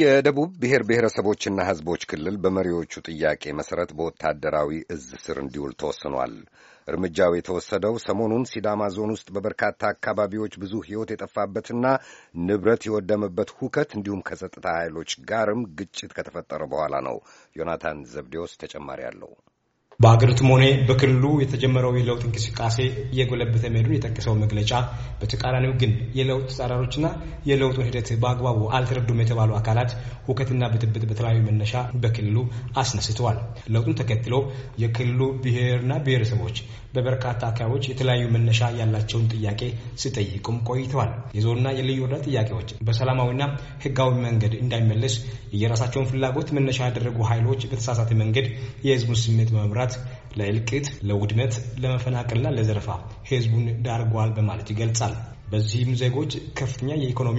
የደቡብ ብሔር ብሔረሰቦችና ሕዝቦች ክልል በመሪዎቹ ጥያቄ መሠረት በወታደራዊ እዝ ስር እንዲውል ተወስኗል። እርምጃው የተወሰደው ሰሞኑን ሲዳማ ዞን ውስጥ በበርካታ አካባቢዎች ብዙ ሕይወት የጠፋበትና ንብረት የወደመበት ሁከት እንዲሁም ከጸጥታ ኃይሎች ጋርም ግጭት ከተፈጠረ በኋላ ነው። ዮናታን ዘብዴዎስ ተጨማሪ አለው። በሀገሪቱም ሆነ በክልሉ የተጀመረው የለውጥ እንቅስቃሴ እየጎለበተ መሄዱን የጠቀሰው መግለጫ በተቃራኒው ግን የለውጥ ተጻራሪዎችና የለውጡን ሂደት በአግባቡ አልተረዱም የተባሉ አካላት ሁከትና ብጥብጥ በተለያዩ መነሻ በክልሉ አስነስተዋል። ለውጡን ተከትሎ የክልሉ ብሔርና ብሔረሰቦች በበርካታ አካባቢዎች የተለያዩ መነሻ ያላቸውን ጥያቄ ሲጠይቁም ቆይተዋል። የዞንና የልዩ ወረዳ ጥያቄዎች በሰላማዊና ህጋዊ መንገድ እንዳይመለስ የየራሳቸውን ፍላጎት መነሻ ያደረጉ ኃይሎች በተሳሳተ መንገድ የህዝቡን ስሜት በመምራት ለእልቂት፣ ለውድመት፣ ለመፈናቀልና ለዘረፋ ህዝቡን ዳርጓል በማለት ይገልጻል። በዚህም ዜጎች ከፍተኛ የኢኮኖሚ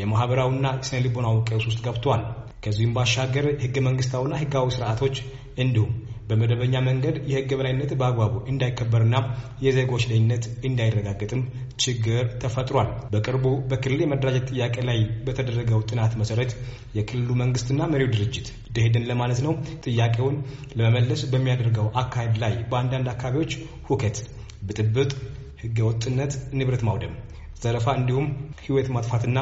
የማህበራዊና ስነ ልቦናዊ ቀውስ ውስጥ ገብተዋል። ከዚህም ባሻገር ህገ መንግስታዊና ህጋዊ ስርዓቶች እንዲሁም በመደበኛ መንገድ የህግ በላይነት በአግባቡ እንዳይከበርና የዜጎች ደህንነት እንዳይረጋገጥም ችግር ተፈጥሯል። በቅርቡ በክልል የመደራጀት ጥያቄ ላይ በተደረገው ጥናት መሰረት የክልሉ መንግስትና መሪው ድርጅት ደሄድን ለማለት ነው ጥያቄውን ለመመለስ በሚያደርገው አካሄድ ላይ በአንዳንድ አካባቢዎች ሁከት፣ ብጥብጥ፣ ህገወጥነት፣ ንብረት ማውደም ዘረፋ እንዲሁም ህይወት ማጥፋትና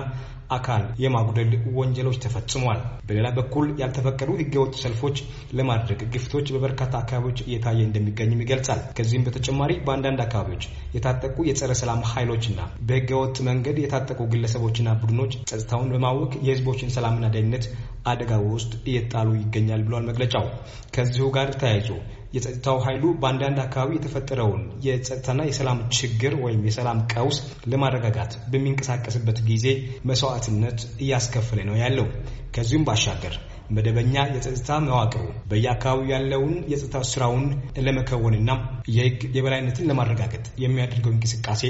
አካል የማጉደል ወንጀሎች ተፈጽሟል። በሌላ በኩል ያልተፈቀዱ ህገወጥ ሰልፎች ለማድረግ ግፍቶች በበርካታ አካባቢዎች እየታየ እንደሚገኝም ይገልጻል። ከዚህም በተጨማሪ በአንዳንድ አካባቢዎች የታጠቁ የጸረ ሰላም ኃይሎችና በህገወጥ መንገድ የታጠቁ ግለሰቦችና ቡድኖች ጸጥታውን በማወክ የህዝቦችን ሰላምና ደህንነት አደጋ ውስጥ እየጣሉ ይገኛል ብሏል መግለጫው። ከዚሁ ጋር ተያይዞ የጸጥታው ኃይሉ በአንዳንድ አካባቢ የተፈጠረውን የጸጥታና የሰላም ችግር ወይም የሰላም ቀውስ ለማረጋጋት በሚንቀሳቀስበት ጊዜ መስዋዕትነት እያስከፈለ ነው ያለው። ከዚሁም ባሻገር መደበኛ የጸጥታ መዋቅሩ በየአካባቢው ያለውን የጸጥታ ስራውን ለመከወንና የህግ የበላይነትን ለማረጋገጥ የሚያደርገው እንቅስቃሴ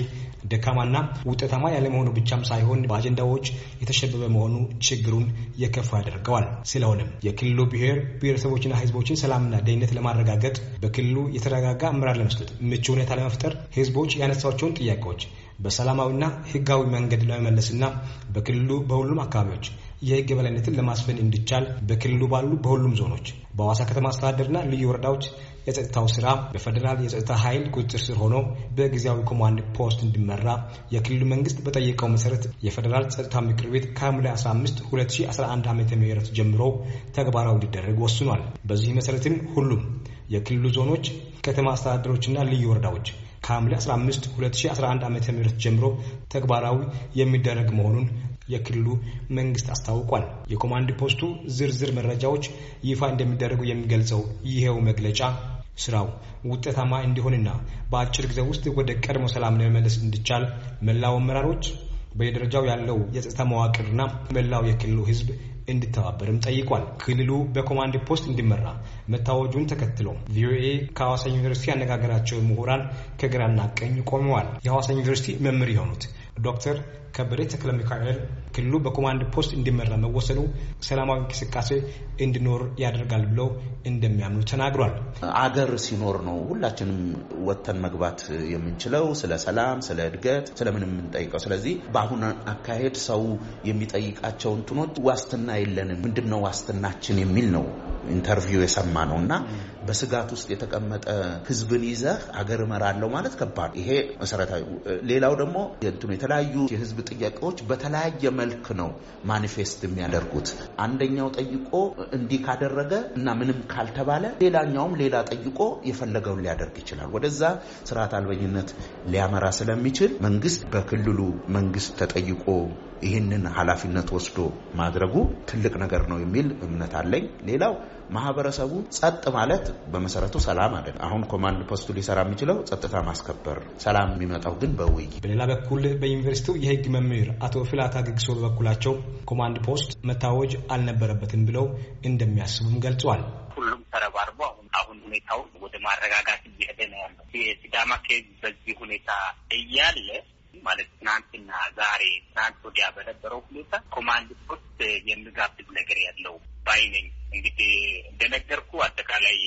ደካማና ውጤታማ ያለመሆኑ ብቻም ሳይሆን በአጀንዳዎች የተሸበበ መሆኑ ችግሩን የከፋ ያደርገዋል። ስለሆነም የክልሉ ብሔር ብሔረሰቦችና ህዝቦችን ሰላምና ደህንነት ለማረጋገጥ በክልሉ የተረጋጋ አመራር ለመስጠት ምቹ ሁኔታ ለመፍጠር ህዝቦች ያነሳቸውን ጥያቄዎች በሰላማዊና ህጋዊ መንገድ ለመመለስና በክልሉ በሁሉም አካባቢዎች የህግ የበላይነትን ለማስፈን እንዲቻል በክልሉ ባሉ በሁሉም ዞኖች በአዋሳ ከተማ አስተዳደርና ልዩ ወረዳዎች የጸጥታው ስራ በፌዴራል የጸጥታ ኃይል ቁጥጥር ስር ሆኖ በጊዜያዊ ኮማንድ ፖስት እንዲመራ የክልሉ መንግስት በጠየቀው መሰረት የፌዴራል ጸጥታ ምክር ቤት ከሐምሌ 15 2011 ዓ ም ጀምሮ ተግባራዊ እንዲደረግ ወስኗል። በዚህ መሰረትም ሁሉም የክልሉ ዞኖች፣ ከተማ አስተዳደሮችና ልዩ ወረዳዎች ከሐምሌ 15 2011 ዓ ም ጀምሮ ተግባራዊ የሚደረግ መሆኑን የክልሉ መንግስት አስታውቋል። የኮማንድ ፖስቱ ዝርዝር መረጃዎች ይፋ እንደሚደረጉ የሚገልጸው ይሄው መግለጫ ስራው ውጤታማ እንዲሆንና በአጭር ጊዜ ውስጥ ወደ ቀድሞ ሰላም ለመመለስ እንዲቻል መላው አመራሮች በየደረጃው ያለው የጸጥታ መዋቅርና መላው የክልሉ ህዝብ እንዲተባበርም ጠይቋል። ክልሉ በኮማንድ ፖስት እንዲመራ መታወጁን ተከትሎ ቪኦኤ ከሐዋሳ ዩኒቨርሲቲ ያነጋገራቸው ምሁራን ከግራና ቀኝ ቆመዋል። የሐዋሳ ዩኒቨርሲቲ መምህር የሆኑት ዶክተር ከበደ ተክለ ሚካኤል ክልሉ በኮማንድ ፖስት እንዲመራ መወሰኑ ሰላማዊ እንቅስቃሴ እንዲኖር ያደርጋል ብለው እንደሚያምኑ ተናግሯል። አገር ሲኖር ነው ሁላችንም ወጥተን መግባት የምንችለው ስለ ሰላም፣ ስለ እድገት፣ ስለምን የምንጠይቀው። ስለዚህ በአሁን አካሄድ ሰው የሚጠይቃቸው እንትኖች ዋስትና የለንም። ምንድን ነው ዋስትናችን የሚል ነው ኢንተርቪው የሰማ ነው እና በስጋት ውስጥ የተቀመጠ ህዝብን ይዘህ አገር እመራለሁ ማለት ከባድ፣ ይሄ መሰረታዊ። ሌላው ደግሞ የተለያዩ የህዝብ ጥያቄዎች በተለያየ መልክ ነው ማኒፌስት የሚያደርጉት። አንደኛው ጠይቆ እንዲህ ካደረገ እና ምንም ካልተባለ፣ ሌላኛውም ሌላ ጠይቆ የፈለገውን ሊያደርግ ይችላል። ወደዛ ስርዓት አልበኝነት ሊያመራ ስለሚችል መንግስት በክልሉ መንግስት ተጠይቆ ይህንን ኃላፊነት ወስዶ ማድረጉ ትልቅ ነገር ነው የሚል እምነት አለኝ። ሌላው ማህበረሰቡ ጸጥ ማለት በመሰረቱ ሰላም አለ። አሁን ኮማንድ ፖስቱ ሊሰራ የሚችለው ጸጥታ ማስከበር፣ ሰላም የሚመጣው ግን በውይይት። በሌላ በኩል በዩኒቨርሲቲው የህግ መምህር አቶ ፍላታ ግግሶ በበኩላቸው ኮማንድ ፖስት መታወጅ አልነበረበትም ብለው እንደሚያስቡም ገልጸዋል። ሁሉም ተረባርቦ አሁን ሁኔታው ወደ ማረጋጋት እየሄደ ነው ያለው። የሲዳማ ኬዝ በዚህ ሁኔታ እያለ ማለት ትናንትና ዛሬ ትናንት ወዲያ በነበረው ሁኔታ ኮማንድ ፖስት የሚጋብዝ ነገር ያለው ባይነኝ እንግዲህ እንደነገርኩ አጠቃላይ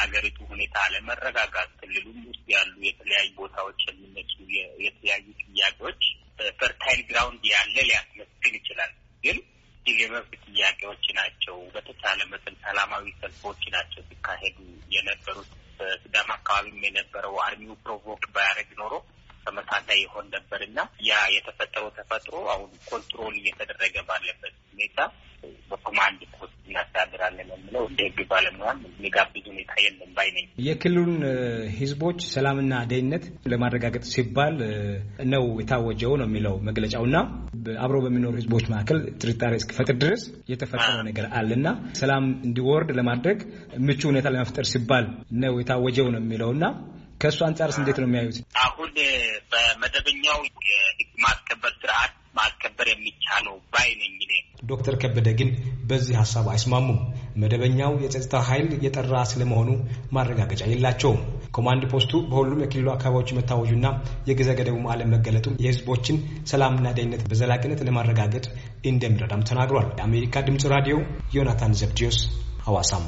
ሀገሪቱ ሁኔታ አለመረጋጋት፣ ክልሉም ውስጥ ያሉ የተለያዩ ቦታዎች የሚነሱ የተለያዩ ጥያቄዎች ፈርታይል ግራውንድ ያለ ሊያስመስግን ይችላል ግን ሲል የመብት ጥያቄዎች ናቸው። በተቻለ መጠን ሰላማዊ ሰልፎች ናቸው ሲካሄዱ የነበሩት። በስዳም አካባቢም የነበረው አርሚው ፕሮቮክ ባያደረግ ኖሮ ተመሳሳይ ይሆን ነበር እና ያ የተፈጠረው ተፈጥሮ አሁን ኮንትሮል እየተደረገ ባለበት ሁኔታ በኮማንድ ፖስት እናስተዳድራለን የምለው እንደ ህግ ባለሙያም የሚጋብዝ ሁኔታ የለም ባይ ነኝ። የክልሉን ህዝቦች ሰላምና ደህንነት ለማረጋገጥ ሲባል ነው የታወጀው ነው የሚለው መግለጫው እና አብሮ በሚኖሩ ህዝቦች መካከል ጥርጣሬ እስኪፈጥር ድረስ የተፈጠረ ነገር አለ እና ሰላም እንዲወርድ ለማድረግ ምቹ ሁኔታ ለመፍጠር ሲባል ነው የታወጀው ነው የሚለው እና ከእሱ አንጻርስ እንዴት ነው የሚያዩት? አሁን በመደበኛው የህግ ማስከበር ስርዓት ማስከበር የሚቻለው ባይ ነኝ እኔ ዶክተር ከበደ ግን በዚህ ሀሳብ አይስማሙም። መደበኛው የጸጥታ ኃይል የጠራ ስለመሆኑ ማረጋገጫ የላቸውም። ኮማንድ ፖስቱ በሁሉም የክልሉ አካባቢዎች መታወጁና የጊዜ ገደቡ አለመገለጡ የህዝቦችን ሰላምና ደህንነት በዘላቂነት ለማረጋገጥ እንደሚረዳም ተናግሯል። የአሜሪካ ድምፅ ራዲዮ ዮናታን ዘብድዮስ ሐዋሳም